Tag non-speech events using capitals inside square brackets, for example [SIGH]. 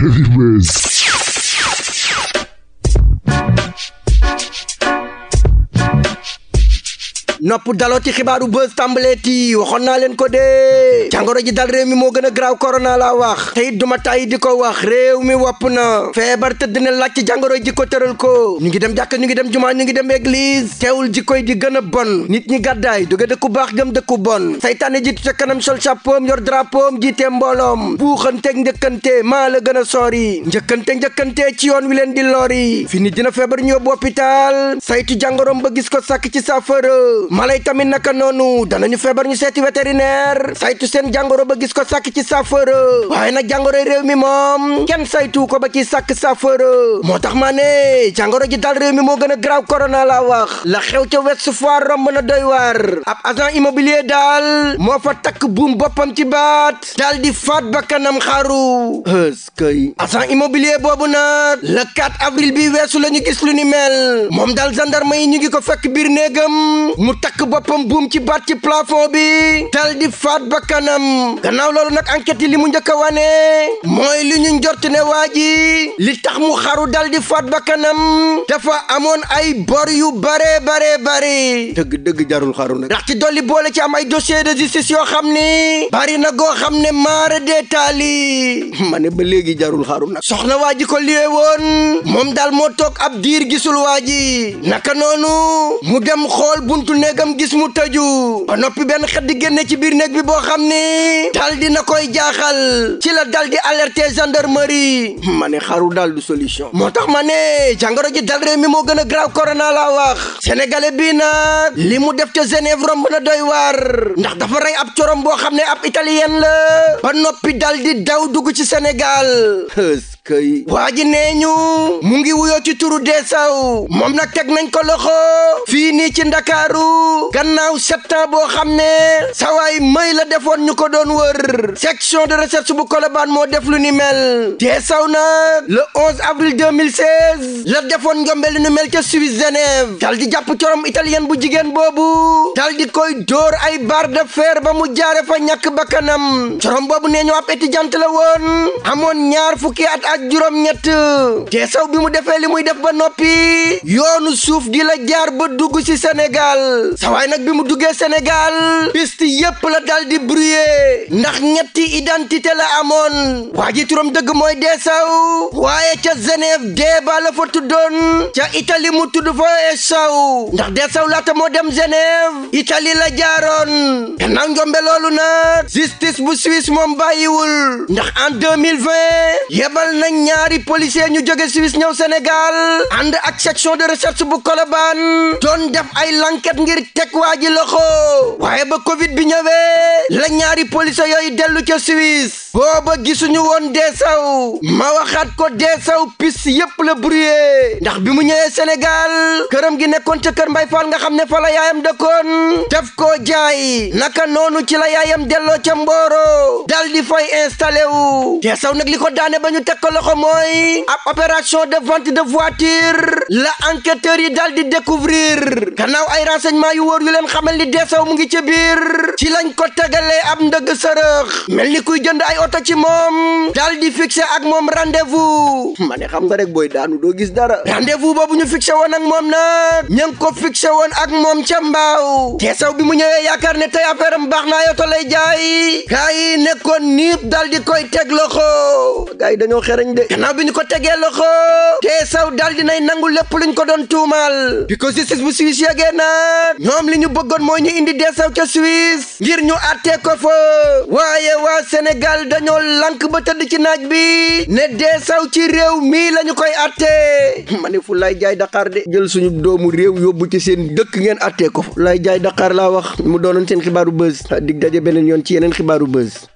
Heavy Waves. nopp daloo ci xibaaru buzz tàmbaleeti waxoon naa leen ko dee jàngoro ji dal réew mi moo gën a graaw korona la wax te it duma tàyyi di ko wax réew mi wopp na feebar tëdd na laaj ci jàngoro ji ko tëral ko ñu ngi dem jàkk ñu ngi dem jumaa ñu ngi dem église teewul ji koy di gën a bon nit ñi gàddaay duge dëkku baax gëm dëkku bon saytaane jiitu ca kanam sol chapeau yor drapeau jiite mbooloom buuxanteeg njëkkante maa la gën a sori njëkkante njëkkante ci yoon wi leen di lori fi nit dina feebar ñu yóbbu hôpital saytu jàngoroom ba gis ko sàkk ci saafara mala yi tamit naka noonu danañu feebar ñu seeti vétérinaire saytu seen jàngoro ba gis ko sàkk ci saafara waaye nag jàngoro réew mi moom kenn saytu ko ba ci sàkk saafara moo tax maa ne jàngoro ji dal réew mi moo gën a grave corona laa wax la xew ca Ouest Foire romb na doy waar ab agent immobilier daal moo fa takk buum boppam ci baat daal di faat bakkanam xaru ëskëy agent immobilier boobu nag le 4 avril bi weesu la ñu gis lu ni mel moom daal gendarme yi ñu gi ko fekk biir néegam takk boppam buum ci baat ci plafond bi dal di faat bakkanam kanam gannaaw loolu nag enquête yi li mu njëkk wane mooy li ñu njort ne waa ji li tax mu xaru dal di faat bakkanam tefa amoon ay bor yu bare bare bare dëgg dëgg jarul xaru nag ndax ci dolli boole ci am ay dossier de justice yoo xam ni bari na goo xam ne maara deetaali ma ne ba léegi jarul xaru nag soxna waa ji ko liee woon moom daal moo toog ab diir gisul waa ji naka noonu mu dem xool bunt ne néegam gis mu tëju ba noppi benn xet di génne ci biir néeg bi boo xam ni dal di na koy jaaxal ci la dal alerte alerter gendarmerie ma ne xaru dal du solution moo tax ma ne jàngoro ji dal réew mi moo gën a grave corona la wax sénégalais bii na li mu def te Genève romb na doy waar ndax dafa rey ab corom boo xam ne ab italien la ba noppi dal di daw dugg ci senegal kay waa ji nee ñu mu ngi wuyoo ci turu deesaw moom nag teg nañ ko loxo fii nii ci ndakaaru gannaaw sept boo xam ne sawaay may la defoon ñu ko doon wër section de recherche bu kolobaan moo def lu ni mel deesaw nag le 11 avril 2016 la defoon njombe lu ni mel ca Suisse Genève dal di jàpp corom italien bu jigéen boobu dal di koy dóor ay barre de fer ba mu jaare fa ñàkk bakkanam corom boobu nee ñu ab étudiante la woon amoon ñaar fukki at ak juróom-ñett te saw bi mu defee li muy def ba noppi yoonu suuf gi la jaar ba dugg ci Sénégal sawaay nag bi mu duggee Sénégal piste yëpp la dal di brouillé ndax ñetti identité la amoon waa ji dëgg mooy Desaw waaye ca Genève Deba fa tuddoon ca Italie mu tudd fa Esaw ndax Desaw laata moo dem Genève Italie la jaaroon gannaaw njombe loolu nag justice bu Suisse moom bàyyiwul ndax en nañ ñaari policier ñu jóge Suisse ñëw Sénégal ànd ak section de recherche bu Colobane doon def ay lanket ngir teg waa ji loxo waaye ba Covid bi ñëwee la ñaari policier yooyu dellu ca Suisse ba gisuñu woon deesaw ma waxaat ko deesaw pis yépp la brouillé ndax bi mu ñëwee Sénégal këram gi nekkoon ca kër Mbay Faal nga xam ne fa la yaayam dëkkoon def ko jaay naka noonu ci la yaayam delloo ca Mboro dal di fay installé wu deesaw nag li ko daane ba ñu teg ko loxo mooy ab opération de vente de voiture la enquêteur yi dal di découvrir gannaaw ay renseignement yu wóor yu leen xamal ni deesaw mu ngi ca biir ci lañ ko tegalee ab ndëgg sërëx mel ni kuy jënd ay oto ci moom daal di fixé ak moom rendez ma ne xam nga rek booy daanu doo gis dara rendez-vous boobu ñu fixé woon ak moom nag ña ngi ko fixé woon ak moom ca mbaaw teesaw bi mu ñëwee yaakaar ne tey affaire baax naa oto lay jaay gaa nekkoon niip daal di koy teg loxo gaa yi dañoo xereñ de gannaaw bi ñu ko tegee loxo teesaw daal di nay nangu lépp luñ ko doon tuumaal bi ko justice bu Suisse yegee nag ñoom li ñu bëggoon mooy ñu indi teesaw ca Suisse ngir ñu àttee ko fa waaye dañoo lank ba tëdd ci naaj bi ne dee saw ci réew mii lañu koy attee [LAUGHS] ma fu lay jaay Dakar de jël suñu doomu réew yóbbu ci seen dëkk ngeen attee ko fu lay jaay daqaar laa wax mu doonoon seen xibaaru buzz dig daje beneen yoon ci yeneen xibaaru buzz